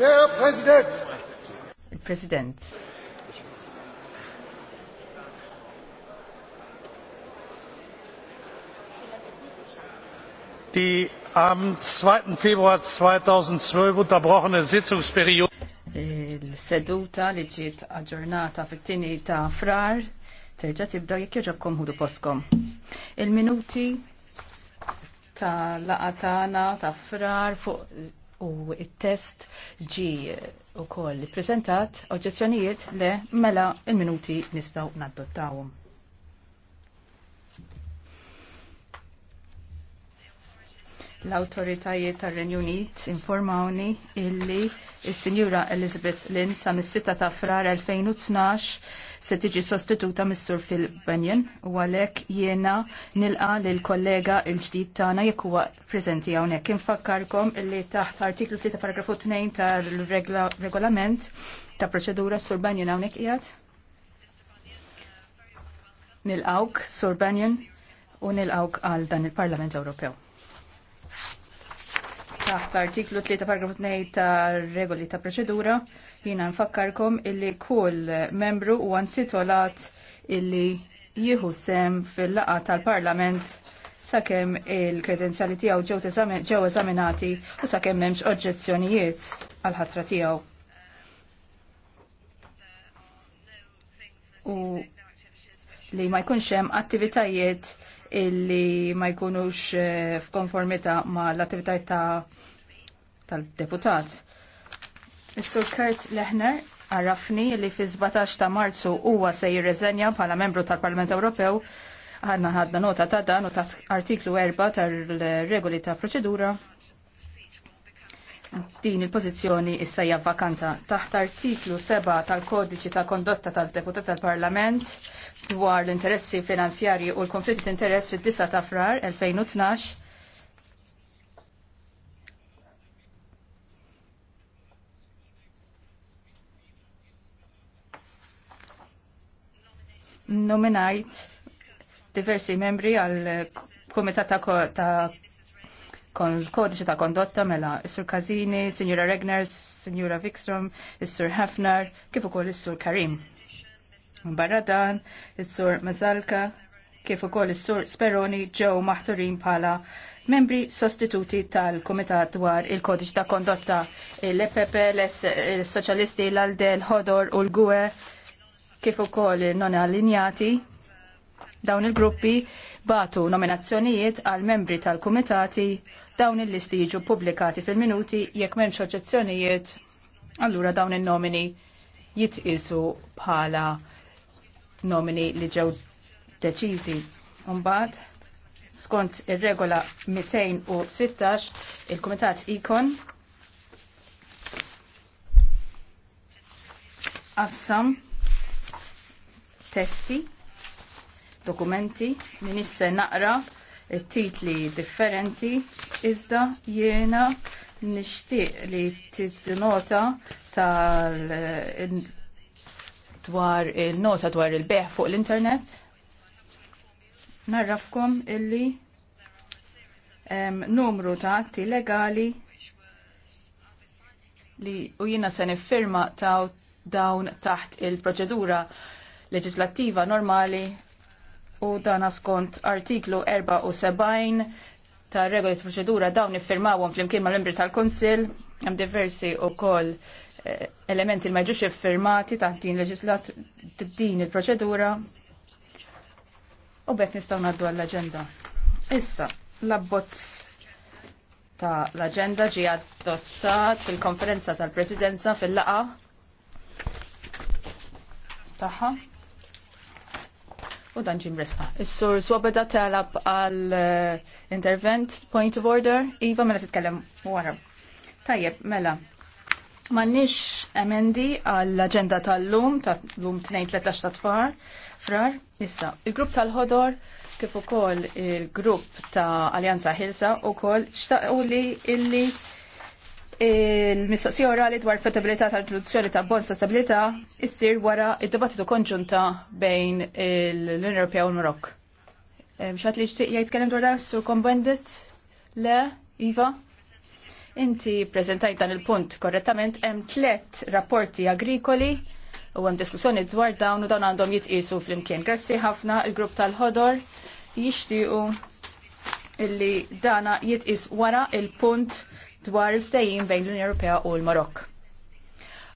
Der Präsident. Die am 2. Februar 2012 unterbrochene Sitzungsperiode Il-seduta li ġiet aġġornata fit-tieni ta' frar terġa' tibda jekk jogħġobkom ħudu poskom. Il-minuti ta' laqatana ta' frar fuq u il-test ġi u koll prezentat oġġezzjonijiet le mela il-minuti nistaw naddottawum. L-autoritajiet tar renju Unit informawni illi il-Sinjura Elizabeth Lynn sa mis-6 ta' frar 2012 se tiġi sostituta mis-sur fil-Benjen u għalhekk jiena nilqa lil kollega l ġdid tagħna jekk huwa preżenti hawnhekk. Infakkarkom li taħt artiklu 3 paragrafu 2 tal-regolament ta' proċedura sur Benjen hawnhekk qiegħed. Nilqawk sur Benjen u nilqawk għal dan il-Parlament Ewropew taħt artiklu 3 paragraf 2 ta' regoli ta' proċedura jina nfakkarkom illi kull membru u antitolat illi jieħu sem fil-laqa tal-parlament sakemm il-kredenzjali tiegħu ġew eżaminati u sakemm memx oġġezzjonijiet għal ħatra tiegħu. U li ma jkunx hemm attivitajiet illi ma jkunux eh, f'konformità ma l-attivitajt ta' tal-deputat. Is-Sur Kurt Lehner għarrafni li fi 17 ta' Marzu huwa se jirreżenja bħala membru tal-Parlament Ewropew ħadna ħadna nota ta' dan u ta' artiklu 4 tal-regoli ta' proċedura din il-pozizjoni issa hija vakanta taħt artiklu 7 tal-Kodiċi ta' Kondotta tal-Deputat tal-Parlament dwar l-interessi finanzjarji u l-konflitti interess fid-9 ta' frar 2012 nominajt diversi membri għal komitat ta kon l-kodiċi ta' kondotta mela Sur Kazini, Signora Regner, Signora Vikstrom, Sur Hafnar, kif ukoll Sur Karim. Barra dan, Sur Mazalka, kif ukoll Sur Speroni ġew maħturin pala membri sostituti tal-Komitat dwar il-Kodiċ ta' Kondotta l-EPP, l-Soċjalisti, l-Aldel, Hodor u l gue kif ukoll non allinjati Dawn il-gruppi batu nominazzjonijiet għal membri tal-kumitati dawn il-listi jiġu publikati fil-minuti jekk m'hemmx oġġezzjonijiet allura dawn in-nomini jitqisu bħala nomini li ġew deċiżi. Mbagħad skont ir-regola 216 il-Kumitat Ikon qassam testi dokumenti minn isse naqra titli differenti iżda jiena nixtieq li tidnota tal dwar il-nota dwar il-beħ fuq l-internet narrafkom illi numru ta' atti legali li u jina se nifirma ta' dawn taħt il-proċedura leġislattiva normali u dana skont artiklu 74 ta' regoli proċedura dawn iffirmawhom flimkien mal-membri tal-Konsil hemm diversi wkoll eh, elementi li ma jġux iffirmati ta' din leġislat din il-proċedura u bett nistgħu ngħaddu għall-aġenda. Issa, l-abbozz ta' l aġenda ġi adottat fil-konferenza tal-presidenza fil-laqa taħħa u dan ġim resqa. Is-sur swabeda talab għal eh, intervent, point of order, Iva mela titkellem wara. Tajjeb, mela. Mannix emendi għall-agenda tal-lum, tal-lum 2-13 ta' tfar, frar, issa, il-grupp tal-ħodor, kif ukoll il-grupp ta' Aljanza Hilsa u koll, li illi il-mistoqsija orali dwar fettabilità tal-introduzzjoni ta' bonds ta' stabilità issir wara id-dibattitu konġunta bejn l-Unjoni Ewropea u l-Marok. Mxat eh, li xtiq jgħid dwar dan su kombendit? Le, Iva? Inti prezentajt dan il-punt korrettament hemm tliet rapporti agrikoli u hemm diskussjoni dwar dawn u dawn għandhom jitqisu flimkien. Grazzi ħafna il-grupp tal-ħodor jixtiequ illi dana jitqis wara il-punt dwar il-ftajim bejn l-Unjoni Ewropea u l-Marokk.